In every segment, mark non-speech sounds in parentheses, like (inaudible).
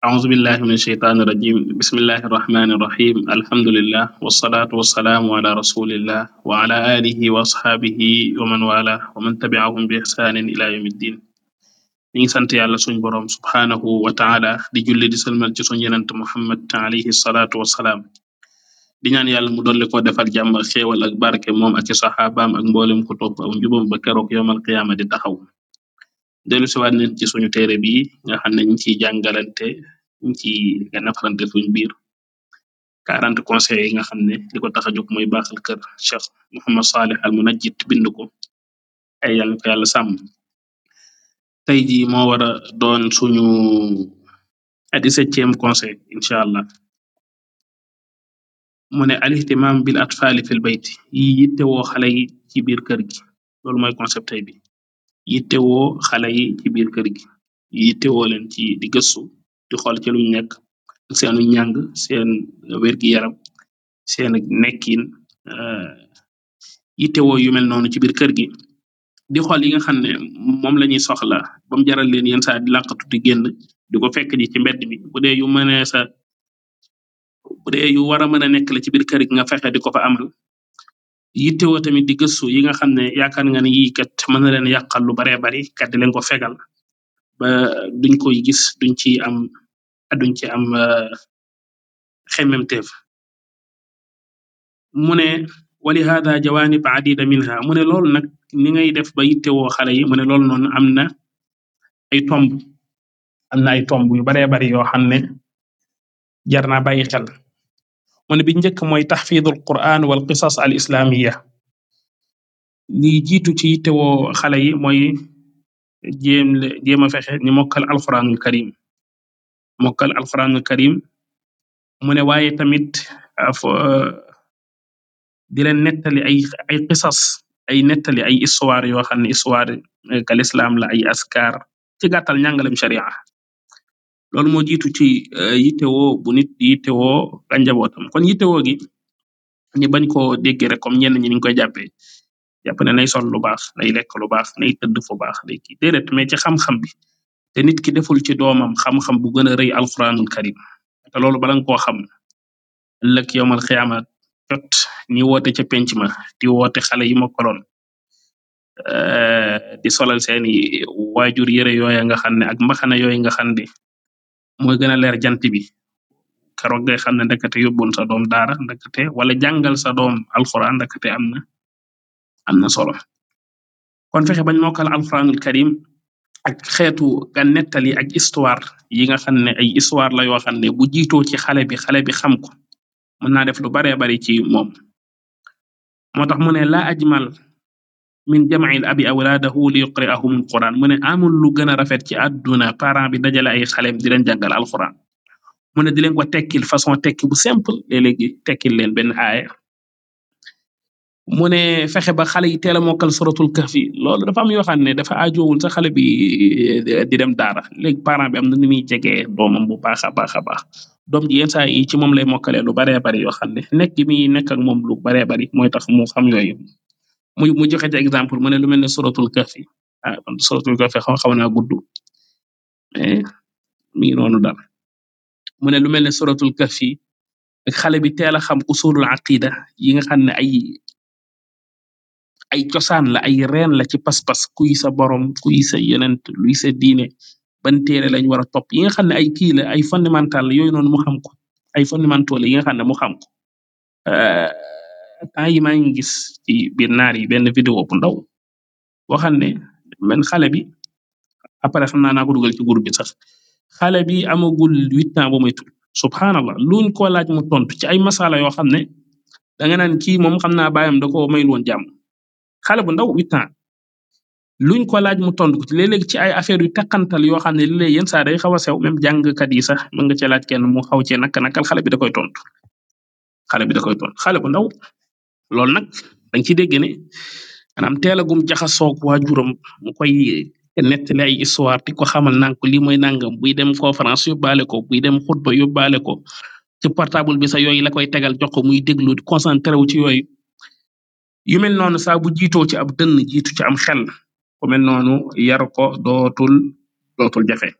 Auzubillahi min sheytaani irajim bismillahi irrahmani irrahim alhamdulilah wasalaatu wasalaamu ala rasulillah wa ala alihi wa asxaabihi wa man wala wa man tabiahum bi ixsaanin ila yawm iddin ñu ngi sant yàlla suñ boroom subhaanahu wa taala di julli di sëlmal ci suñ yenant Muhammad alayhi salaatu wasalaam di ñaan yàlla mu dolli ko defal jàmm ak xéewal ak barke moom ak i saxaabaam ak mboolem ku topp aw njubam ba keroog yowmal qiyaama di taxaw dellu siwaat neen ci suñu teere bi nga xam nañ ci jàngalante ci gana farante suñ biir 40 conseil yi nga xamne liko taxajog mooy baaxal kër cheikh muhammad saalih al munajjid bind ko ay yàll ko yàlla sàmm tey ji moo wara doon suñu 17eem conseil inchallah mu ne alihtimam bil atfali fil beyti yi yitte yi ci biir kër gi loolu mooy concept bi. yittewoo xale yi ci biir kër gi yittewoo leen ci di gëstu di xol ci luñ nekk ak seenu njàng seen wergi yaram seen nekkiin eh, yittewoo yumel noonu ci biir kër gi di xol yi nga xamne moom lañuy soxla bam jaral leen yenn sa di lànqatu di génn di ko fekk ji ci mbedd mi bu yu mëne sa bu dee yu wara mëna nekk la ci biir kër gi nga fexe di ko fa amal. yittewoo tamit di gëstu yi nga xam ne yaakaar nga ne yii kat mën na leen yàqal lu baree bari kat di leen ko fegal ba duñ koy gis duñ ci am duñ ci am euh, xemmemteef mu ne wali hada jawanib adida minha mu ne loolu nag ni ngay def ba yittewoo xale yi mu ne loolu noonu am na ay tomb am na ay tomb yu baree bari yoo xam ne jar naa bàyyi xel mu ne bi njëkk mooy taxfidul quran wal qisas al islamiya li jiitu ci tewoo xale yi mooy jéem jéem a fexe ñu mokkal alquranul karim mokkal alquranul karim mu ne waaye tamit euh, di leen nettali ay ay qisas ay nettali ay histoire yoo xam ne histoire euh, kal islam la ay askar ci gàttal njàngalem sharia loolu moo jiitu ci eh, yittewoo bu nit di yittewoo ak tam kon yittewoo gi ñu bañ ko déggee rek comme ñenn ñi niñ koy jàppee jàpp ne nay sol lu baax nay lekk lu baax nay tëdd fu baax day kii déedéet ci xam-xam bi te nit ki deful ci doomam xam-xam bu gën a rëy alquranul karim te loolu bala koo xam ëllëg yowmal xiyaama jot ñi woote ca penc ma di woote xale yi ma koloon eh, di solal seeni waajur yëre yooya nga xam ne ak mbaxana yooyu nga xam ne mooy gëna leer jant bi keroog na xam ne ndekate yóbboon sa doom daara ndekate wala jàngal sa doom alxuraan ndekate am na am na solo kon fexe bañ mokkal alxuraanul karim ak xeetu nga nettali ak histoire yi nga xam ne ay histoire la yoo xam ne bu jiitoo ci xale bi xale bi xam ko mën naa def lu baree bari ci moom tax mu la ajmal min jam'il abi awlaadahu li yuqri'ahum alquran mu ne amul lu gën a rafet ci àdduna parent bi dajale ay xaleem di leen jàngal alquran mu ne di leen ko tekkil façon tekki bu simple léeg-léegi tekkil leen benn aaya ne fexe ba xale yi teel a mokkal suratul kahfi loolu dafa am yoo xam ne dafa ajoowul sa xale bi eh, di dem daara léegi parent bi am na ni muy jegee doomam bu baax a baax a baax doom ji saa yi ci moom lay mokkalee lu baree bari yoo xam ne nekk mi nekk ak moom lu baree bari mooy tax mu xam yooyu muy mu joxe ci exemple mu ne lu mel ne suratul kahfi ah man suratul kahfi xaw xaw naa gudd mais eh, mi ngi noonu daal mu ne lu mel ne suratul kahfi ak xale bi teel a xam usulul aqida yi nga xam ne ay ay cosaan la ay reen la ci pas-pas kuy sa borom kuy sa yonent luy sa diine ban téere lañ war a topp yi nga xam ne ay kii la ay fondamental la yooyu noonu mu xam ko ay fondamentaux la yi nga xam ne mu xam ko eh, temps yi maa ngi gis ci biir naar yi benn vidéo bu ndaw boo xam ne benn xale bi après xam naa naa ko dugal ci groupe bi sax xale bi amagul huit ans bu moytu subhanallah luñ ko laaj mu tontu ci ay masala yoo xam ne danga naan kii moom xam naa baayam da ko mayul woon jàmm xale bu ndaw huit ans luñ ko laaj mu tontu ko ci léeg-léeg ci ay affaire yu teqantal yoo xam ne léeg yenn saa day xaw a sew même jàngkat yi sax mën nga cee laaj kenn mu xaw cee nak nakal xale bi da koy tontu xale bi da koy tontu xale bu ndaw loolu nag dañ ci dégg ne maanaam teel a gum jaxasoog waajuram mu koy nettali ay histoire di ko xamal naan ko lii mooy nangam buy dem conférence yóbbaale ko buy dem xutba yóbbaale ko ci portable bi sa yooyu la koy tegal jox ko muy déglu di concentré wu ci yooyu yu mel noonu saa bu jiitoo ci ab dënn jiitu ci am xel ku mel noonu yar ko dootul dootul jafe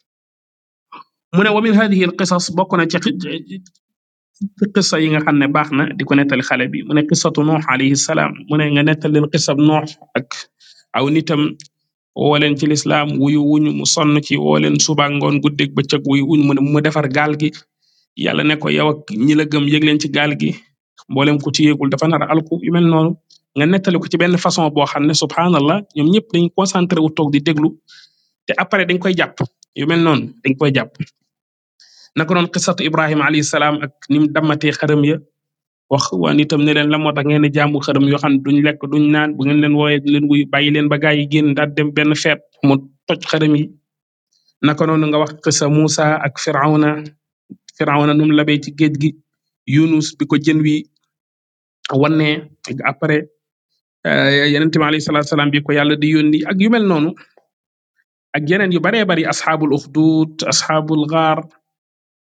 ci yi nga xam ne baax na di ko nettali xale bi mu ne xisatu noox alayhi salaam mu ne nga nettal leen xisab noox ak aw nitam woo ci lislaam wuyu wuñu mu sonn ci woo leen suba ngoon guddeeg bëccëg wuyu wuñu mu ne mu defar gaal gi yàlla ne ko yow ak ñi la gëm yëg leen ci gaal gi mboolem ku ci yëgul dafa nar alku yu mel noonu nga nettali ko ci benn façon boo xam ne subhanallah ñoom ñëpp dañ concentré wu toog di déglu te après dañ koy jàpp yu mel noonu dañ koy jàpp naka noonu xisatu Ibrahima alayhi salaam ak ni mu dammatee xërëm ya wax waa nitam ne leen la moo tax ngeen di jaamu xërëm yoo xam ne duñ lekk duñ naan bu ngeen leen leen wuyu bàyyi leen gaa yi génn daal dem benn feet mu toj xërëm yi naka noonu wax xisa Musa ak Firawna Firawna nu mu labee ci géej gi Yunus bi ko jën wi wannee ak après euh, yeneen tamit alayhi salaatu salaam bi ko yàlla di yónni ak yu mel noonu ak yeneen yu baree bari asxaabul uxduud asxaabul gaar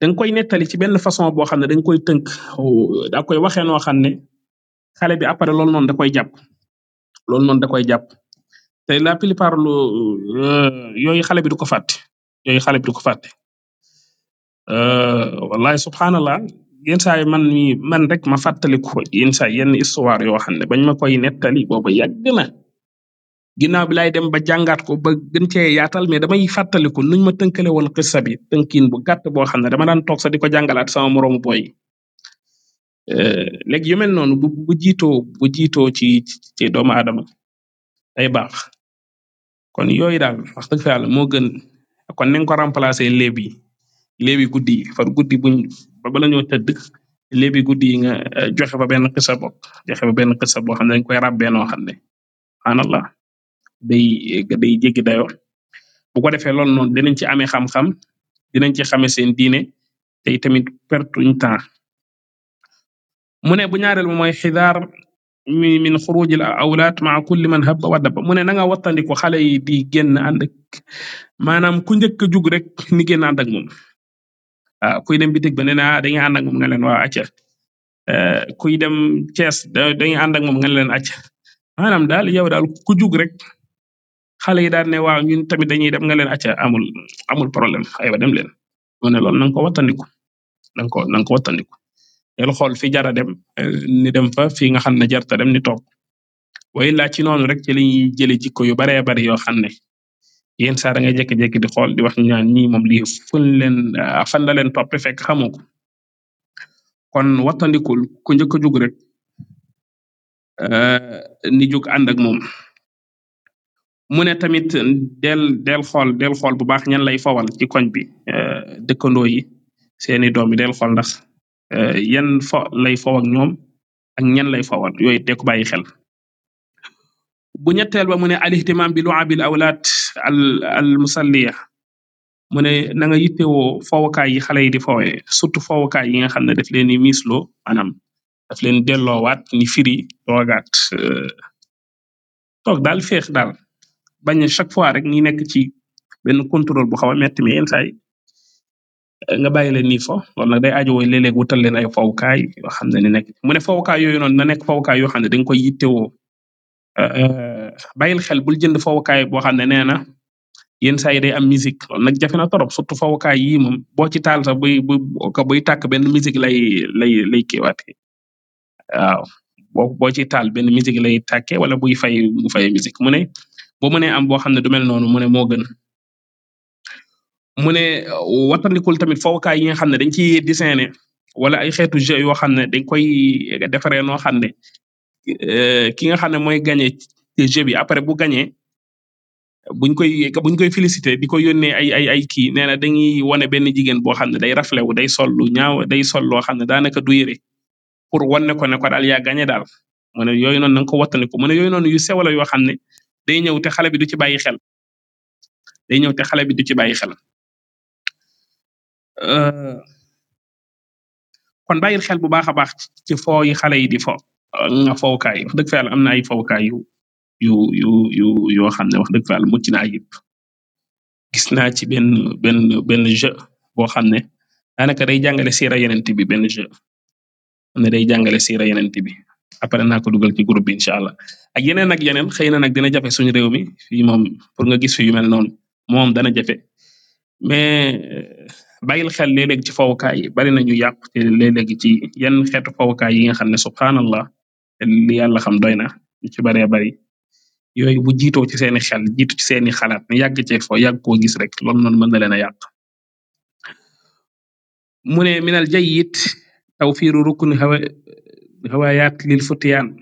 da koy nettali ci benn façon boo xam ne da nga koy tënk euh, da koy waxee noo xam ne xale bi après loolu noonu da koy jàpp loolu noonu da koy jàpp te la plupart lu euh, yooyu xale bi du ko fàtte yooyu xale bi du ko fàtte euh, wallahi subhanallah yenn saa yi man mi man rek ma fàttaliku yenn saa yenn histoire yoo xam ne bañ ma koy nettali boobu yàgg na ginnaaw bi laay dem ba jàngaat ko ba gën cee yaatal mais damay fàttaliku nuñ ma tënkale woon xissa bi tënkiin bu gàtt boo xam ne dama daan toog sa di ko jàngalaat sama moroomu boy euh, léegi yu mel noonu bu bu jiitoo bu jiitoo ci ci doomu aadama day baax kon yooyu daal wax dëgg fa yàlla moo gën kon nañ ko remplacer léeb yi léeb far guddi buñ ba bala ñoo tëdd léebi guddi yi nga euh, joxe ba benn xisa bokk joxe ba benn xisa boo xam ne dañ koy ràbbee noo xam ne subhanallah day day jéggi dayoo bu ko defee loolu noonu dinañ ci amee xamxam xam dinañ ci xamee seen diine te tamit pertuñ temps mu ne bu ñaareel mooy xidaar mi min xurujil awlaat maa kulli man habba wa dabba mu ne na nga wattandiku xale yi di génn ànd ak maanaam ku njëkk a jug rek ni génn ànd ak moom waaw ah, kuy dem bitig ba nee naa ah, dañuy ànd ak moom nga leen waa acca eh, kuy dem Thiès dañuy ànd ak moom nga leen acca maanaam daal ku jug rek xale yi daal ne waaw ñun tamit dañuy dem nga leen acca amul amul problème aywa dem leen mu ne loolu na nga ko wattandiku na nga ko na ko wattandiku del xool fi jara dem eh, ni dem fa fi nga xam ne jarta dem ni toog way laa ci noonu rek ci li ñuy jële jikko yu baree bari yoo xam ne yéen saa da nga jékki-jékki di xool di wax ñaan ñii moom lii fun leen ah, fan la leen topp fekk xamoo ko kon wattandikul ku njëkk a jug rek eh, ni jug ànd ak moom mu ne tamit del del xool del xool bu baax ñan lay fowal ci koñ bi euh, dëkkandoo yi seeni doom yi del xool ndax euh, yan fo lay fow ak ñoom ak ñan lay fowal yooyu te ko bàyyi xel bu ñetteel ba mu ne al ihtimam bi lu'abil awlaad al al musalliya mu ne na nga yittewoo fowukaay yi xale yi di fowee surtout fowukaay yi nga xam ne daf leen di miisloo maanaam daf leen delloowaat ni firi toogaat euh, toog daal féex daal bañ chaque fois rek ñi nekk ci benn contrôle bu xaw a metti mais saay saa yi eh, nga bàyyi leen nii fo loolu day aajowoo léeg-léeg wutal ay fowukaay xam ne ni nekk mu ne fowukaay yooyu noonu na nekk fowukaay yoo xam ne da nga koy yittewoo eh, eh, bàyyil xel bul jënd fowukaay boo xam ne nee na yenn saa yi day am musique nag jafe na torop surtout fowukaay yii moom boo ci taal sa buy buy buy tàkk benn musique lay lay lay kiiwaatee waaw boo ci taal benn musique lay tàkkee wala buy fay mu fay musique mu ne boo mënee am boo xam ne du mel noonu mu ne wattandikul tamit fowukaay yi nga xam ne dañ ciy dessiné wala ay xeetu jeu yoo xam ne dañ koy defaree noo xam ne euh, ki nga xam ne mooy gagné jeu bi après bu gagné buñ koy buñ koy félicité di ko yónnee ay ay ay kii nee na dañuy wane benn jigéen boo xam ne day raflé wu day sol u ñaaw day sol loo xam ne daanaka du yére pour wane ko ne ko daal yaa gagné daal mu ne yooyu noonu na nga day ñëw te xale bi du ci bàyyi xel day ñëw te xale bi du ci bàyyi xel euh, kon bàyyil xel bu baax a baax ci foo xale yi di fo nga fowkaay wax dëgg am na ay fowkaay yu xam ne wax dëgg fa yàlla mucc na ayib gis naa ci benn benn benn jeu boo xam ne daanaka day jàngale siira yenent bi benn jeu ne day jàngale siira yenent bi après naa ko dugal ci groupe bi incha allah ak yeneen ak yeneen xëy na nag dina jafe suñu réew mi fii moom pour nga gis fi yu mel noonu moom dana jafe mais euh, bayil xel léeg-léeg ci fowukaay yi bari nañu yàqu te léeg-léeg ci yenn xeetu fowukaay yi nga xam ne subhanallah li yàlla xam doy na ñu ci baree bari yooyu bu jiitoo ci seeni xel jiitu ci seeni xalaat ne yàgg cee foo yàgg koo gis rek loolu noonu mën na leen a yàq mu ne minal jayyit tawfiru rukni hawa riwaayaat lil futiyaan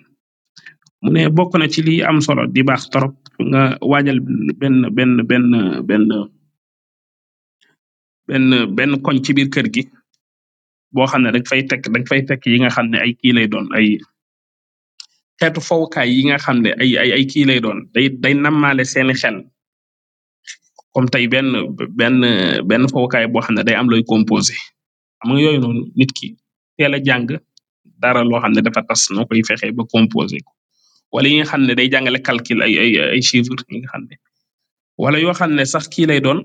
mu ne bokk na ci li am solo di baax torop nga waajal benn benn benn benn benn benn koñ ci biir kër gi boo xam ne dañ fay tekk dañ fay tekk yi nga xam ne ay kii lay doon ay xeetu fowukaay yi nga xam ne ay ay ay kii lay doon day day nammaale seeni xel comme tey benn benn benn fowukaay boo xam ne day am looy composé am nga yooyu noonu nit ki teel a jàng dara loo xam ne dafa tas noo koy fexe ba composé ko wala yi nga xam ne day jàngale calcul ay ay yi nga xam ne wala yoo xam ne sax kii lay doon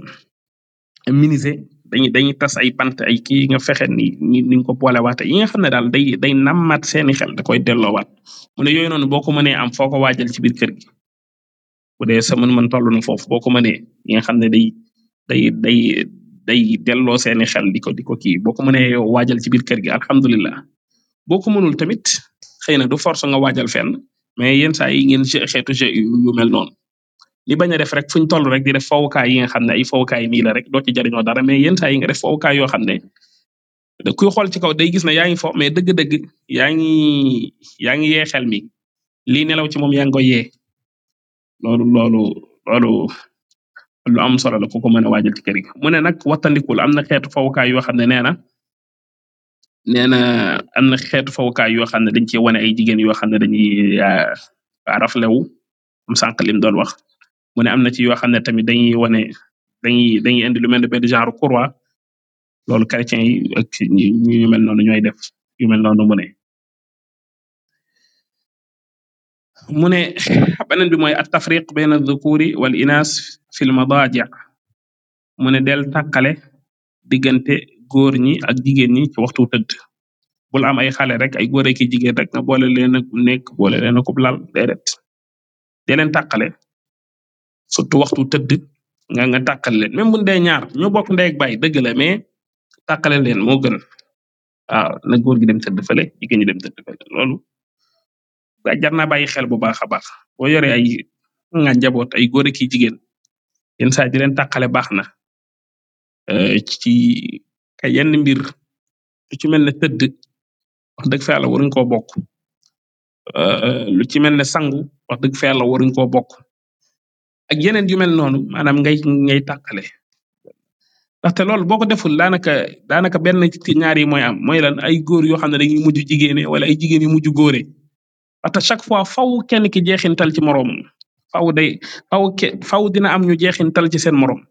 minimiser dañuy dañuy tas ay pant ay kii nga fexe ni ni ni nga ko boolewaate yi nga xam ne daal day day nammaat seeni xel da koy delloowaat mu ne yooyu noonu boo ko mënee am foo ko waajal ci biir kër gi bu dee sa mën-mën toll na foofu boo ko mënee yi xam ne day day day day delloo seeni xel di ko di ko kii boo ko mënee yow waajal ci biir kër gi alhamdulilah boo ko mënul tamit xëy na du force nga waajal fenn mais yenn saa yi ngeen xeetu jeu yu mel noonu li bañ a def rek fu ñu toll rek di def fowukaay yi nga xam ne ay fowukaay nii la rek doo ci jariñoo dara mais yenn saa yi nga def fowukaay yoo xam ne kuy xool ci kaw day gis ne yaa ngi fo mais dëgg-dëgg yaa ngi yaa ngi yee xel mi lii nelaw ci moom yaa ngi ko yee loolu loolu lu am solo la ku ko mën a waajal ci kër gi mu ne nag wattandiku la am na xeetu fowukaay yoo xam ne nee na nee na am na xeetu fawukaay yoo xam ne dañ cee wane ay jigéen yoo xam ne dañuy euh, raflewu am sànq lim doon wax mu ne am na ci yoo xam ne tamit dañuy wane dañuy dañuy indi lu mel ne benn genre courroie loolu chrétiens yi ak ñu ñu mel noonu ñooy def yu mel noonu mu ne. mu ne (laughs) beneen bi mooy at tafriq bayna dhukuri wal inas fil madaji' mu ne del tàqale góor ñi ak jigéen ñi ci waxtu tëdd bul am ay xale rek ay góor ak jigéen rek nga boole leen ak nekk boole leen akub lal déedéet dee leen tàqale waxtu tëdd nga nga tàqal leen même bu dee ñaar ñoo bokk ndey ak baay dëgg la mais tàqale leen moo gën waaw na góor gi dem tëdd fële jigéen ñi dem tëdd fële loolu jar naa bàyyi xel bu baax a baax boo yore ay nga njaboot ay góor ak jigéen yenn saa di leen baax na ci ay yenn mbir lu ci mel ne tëdd wax dëgg fa yàlla waruñ koo bokk euh, lu ci mel ne sangu wax dëgg fa yàlla waruñ koo bokk ak yeneen yu mel noonu maanaam ngay ngay tàqale ndaxte loolu boo ko deful daanaka daanaka benn ci ñaar yi mooy am mooy lan ay góor yoo xam ne dañuy mujj jigéene wala ay jigéen yu mujj góore parce que chaque fois faw kenn ki tal ci moroomam faw day faw ke faw dina am ñu jeexintal ci seen moroom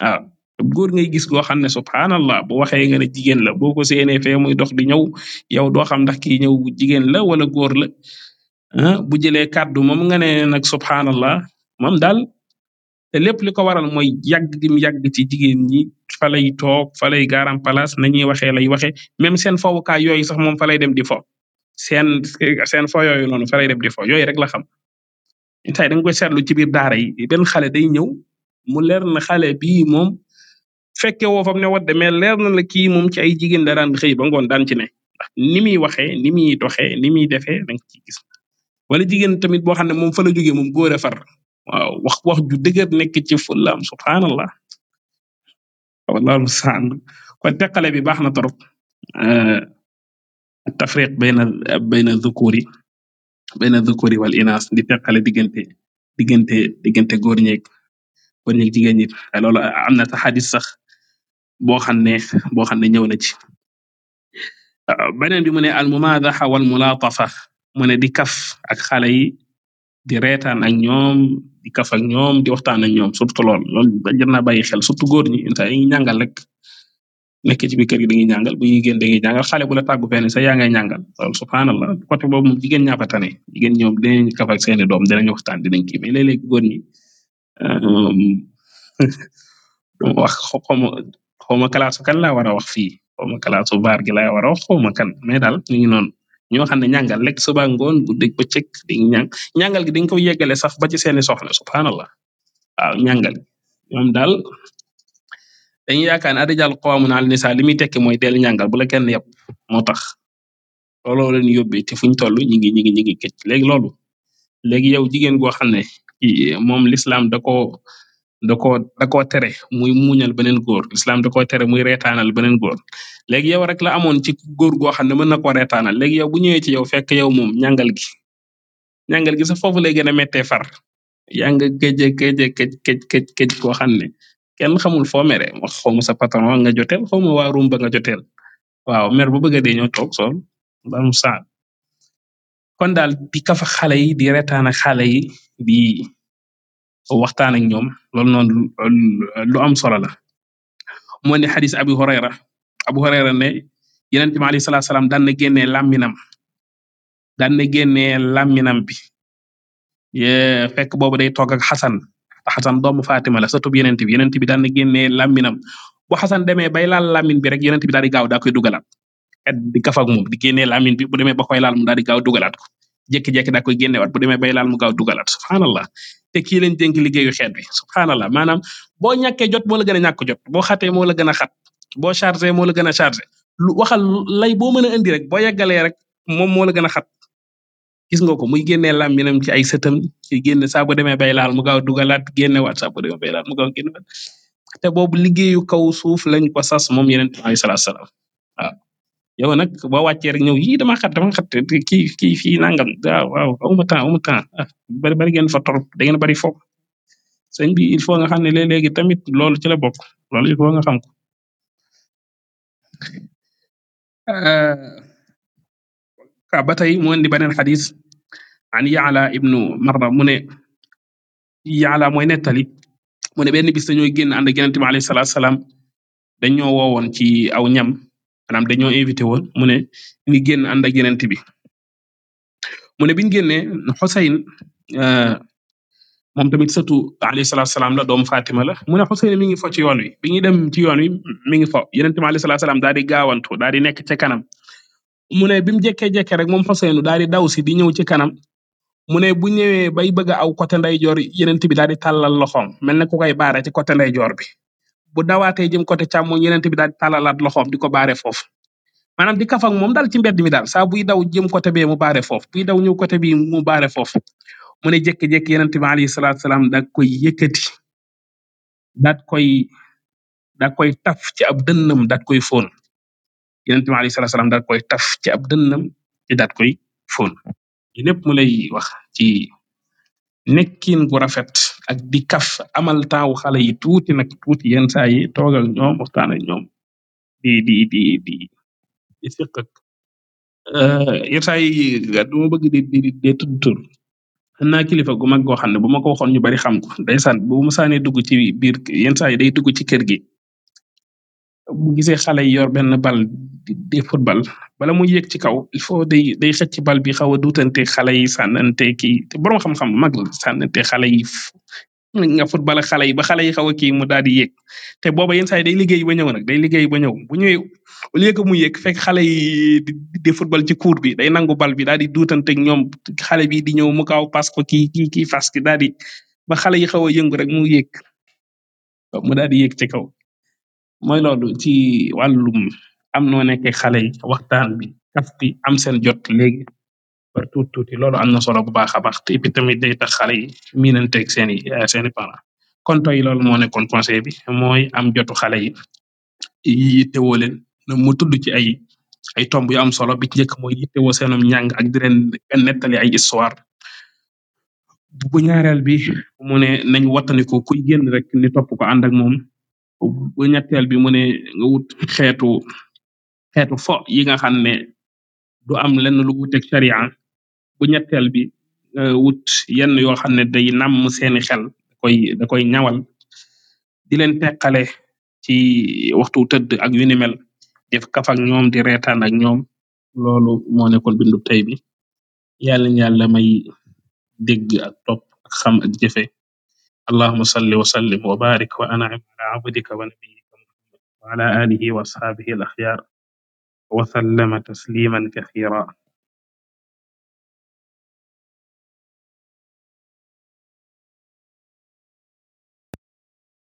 waaw góor ngay gis goo xam ne subhanallah bu waxee nga ne jigéen la boo ko séenee fee muy dox di ñëw yow doo xam ndax kii ñëw jigéen la wala góor la ah, bu jëlee kàddu moom nga ne nag subhanallah moom daal te lépp li ko waral mooy yàgg gim yàgg ci jigéen ñi fa lay toog fa lay garam place nañuy waxee lay waxe même seen fowukaay yooyu sax moom fa lay dem di fo seen seen fo yooyu noonu fa lay dem di fo yooyu rek la xam tey da nga koy seetlu ci biir daara yi benn xale day ñëw mu leer na xale fekke woo fam ne wadde mais leer na la kii moom ci ay jigéen la daan xëy ba ngoon daan ci ne ndax ni muy waxee ni muy doxee ni muy defee da nga ciy wala jigéen tamit boo xam ne moom fa la jógee moom góor far waaw wax wax ju dëgër nekk ci fullaam subhaanallah wallahu mustaan kon teqale bi baax na trop euh, tafriq bayna bayna dhukuri bayna dhukuri wal inaas di teqale diggante diggante diggante góor ñeeg góor ñeeg jigéen ñi loolu am na sax boo xam ne boo xam ne ñëw na ci beneen bi mu ne almumaadaxa wal mulaatafa mu ne di kaf ak xale yi di reetaan ak ñoom di kaf ak ñoom di waxtaan ak ñoom surtout lool loolu jar naa bàyyi xel surtout góor ñi ta yi ñàngal rek nekk ci biir kër gi dañuy ñàngal bu ñuy génn dañuy ñàngal xale bu la tàggu fenn sa yaa ngay ñàngal loolu subhanallah côté boobu moom jigéen ñaa fa tane jigéen ñoom dinañ kaf ak seene doom dinañ waxtaan dinañ kii mais léeg-léeg góor ñi euh, (laughs) wax xom xawma kalaasu kan laa war a wax fi xawma kalaasu baar gi a wax xawma kan mais daal ñu ngi noonu ñoo xam ne ñàngal lekk suba ngoon guddeeg bëccëg di ñàng ñàngal gi dañ ko yeggale sax ba ci seeni soxna subhanallah waaw ñàngal ñoom daal dañuy yaakaar ne arijaal qawaamuuna ala nisaa li muy tekki mooy del ñàngal bu la kenn yëpp moo tax looloo leen yóbbee te fuñ toll ñi ngi ñi ngi ñi ngi këcc léegi loolu léegi ne moom l'islam da da koo da koo tere muy muuñal beneen góor lislaam da koo tere muy reetaanal beneen góor léegi yow rek la amoon ci góor goo xam ne mën na koo reetaanal léegi yow bu ñëwee ci yow fekk yow moom ñàngal gi ñàngal gi sa foofu lay gën a méttee far yaa nga gëj a gëj a gëj koo xam ne kenn xamul foo mere wax xawma sa patron nga joteel xawma waa rumba nga joteel waaw mer bu bëgg a dee ñoo toog sol ba mu saan kon daal di kafa xale di reetaana xale di waxtaan ak ñoom loolu noonu lu am solo la. moo ne xadis Abu Hurayra Abu Hurayra ne Yonent bi alayhi salaatu salaam daan na génnee làmminam daan na génnee làmminam bi ye fekk boobu day toog ak Xasan te Xasan doomu Fatima la satub Yonent bi Yonent bi daan na génnee làmminam bu Xasan demee bay laal làmmin bi rek Yonent bi daal di gaaw daa koy dugalaat di kafak moom bi bu demee ba koy laal mu daal di gaaw dugalaat jékki-jékki daa koy génnewaat bu demee bay laal mu gaaw dugalaat subhanallah te kii lañ dénk liggéeyu xeet bi subhanallah maanaam boo ñàkkee jot moo la gën a ñàkk jot boo xatee moo la gën a xat boo chargé moo la gën a chargé lu waxal lay boo mën a indi rek boo yeggalee rek moom moo la gën a xat gis nga ko muy génnee làmminam ci ay sëtam ci génne saa bu demee bay laal mu gaaw dugalaat génnewaat saa bu demee bay laal mu gaaw génnewaat te boobu liggéeyu kaw suuf lañ ko sas moom yeneen alayhi salaam waaw yow nag boo wàccee rek ñow yii dama xat dama xat kii kii fii nangam waaw waaw temps amuma temps ah, bari bari ngeen fa bari fo sëñ bi il faut nga xam ne léeg-léegi tamit loolu ci la bokk loolu il faut nga xam ko. Euh, ah ba tey mu indi beneen xadis an Yaala ibnu Marra mu ne Yaala mooy nettali mu ne benn bis dañoo génn ànd ak Yonent bi alayhi salaatu salaam dañoo woowoon ci aw ñam. maanaam dañoo invité woon mu ne ñu génn ànd ak yonent bi mu ne biñu génnee Xusayn euh, moom tamit sëtu alayhi salam salaam la doomu Fatima la mu ne Xusayn mi ngi fo ci yoon wi bi ñuy dem ci yoon wi mi ngi fo yonent bi alayhi salaatu salaam daal di gaawantu daal di nekk ci kanam mu ne bi mu jekkee jekkee rek moom Xusaynu daal di daw si di ñëw ci kanam mu ne bu ñëwee bay bëgg a aw côté ndeyjoor yonent bi daal di tàllal loxoom mel ne ku koy baara ci côté ndeyjoor bi bu dawaatee jëm côté càmmoñ yeneen bi daal di tàllalaat loxoom di ko baare foofu maanaam di kaf ak moom daal ci mbedd mi daal saa buy daw jëm côté bee mu baare foofu buy daw ñëw côté bi mu baare foofu mu ne jékki-jékki yeneen bi alayhi salaatu salaam daal koy yëkkati daat koy daat koy taf ci ab dënnam daat koy fóon yeneen bi salaam daat koy taf ci ab dënnam te daat koy fóon yi lépp mu lay wax ci nekkin gu rafet ak di kaf amal taawu xale yi tuti nag tuuti yenn saa yi toog ak ñoom waxtaan ak ñoom di di di di di siq ak eh, saa yi du bëgg di di di naa kilifa gu mag goo xam ne bu ma ko waxoon ñu bari xam ko ndeysaan bu mu saanee dugg ci biir yenn saa yi day dugg ci kër gi bu gisee xale yi yor benn bal di football bala muy yéeg ci kaw il faut day day xëcc bal bi xaw a duutante xale yi sànnante kii te borom xam-xam mag la sànnante xale yi nga football xale yi ba xale yi xaw a kii mu daal di yéeg te booba yenn sax yi day liggéey ba ñëw nag day ba ñëw bu ñëwee au lieu que mu yéeg fekk xale yi di football ci cour bi day nangu bal bi daal di duutante ak ñoom xale bi di ñëw mu kaaw pass ko kii kii kii fas ki daal di ba xale yi xaw a yëngu rek mu yéeg mu daal di yéeg ci kaw mooy loolu am noo nekke xale yi waxtaan bi kaf bi am seen jot léegi par tuut tuuti loolu am na solo bu baax a baax te ipi tamit day tax xale yi miinanteeg seeni eh, seeni parents kon tey loolu moo nekkoon conseil bi mooy am jotu xale yi yittewoo leen mu tudd ci ay ay tomb yu am solo bi ci njëkk mooy yittewoo seenum njàng ak di leen ay histoire bu ñaareel bi mu ne nañ wattandiku kuy génn rek ni topp ko ànd ak moom bu ñetteel bi mu ne nga wut xeetu xeetu fo yi nga xam ne du am lenn lu wuteeg sharia bu ñetteel bi wut yenn yoo xam ne day nàmm seeni xel da koy da koy ñawal di leen teqale ci waxtu tëdd ak yu ni mel def ñoom di reetaan ak ñoom loolu moo nekkoon bindu tey bi yàlla yàlla may dégg ak topp ak xam ak allahuma salli wa sallim wa barik wa an'im abdika wa nabiyyika wa ala wa ashabihi al وسلم تسليما كثيرا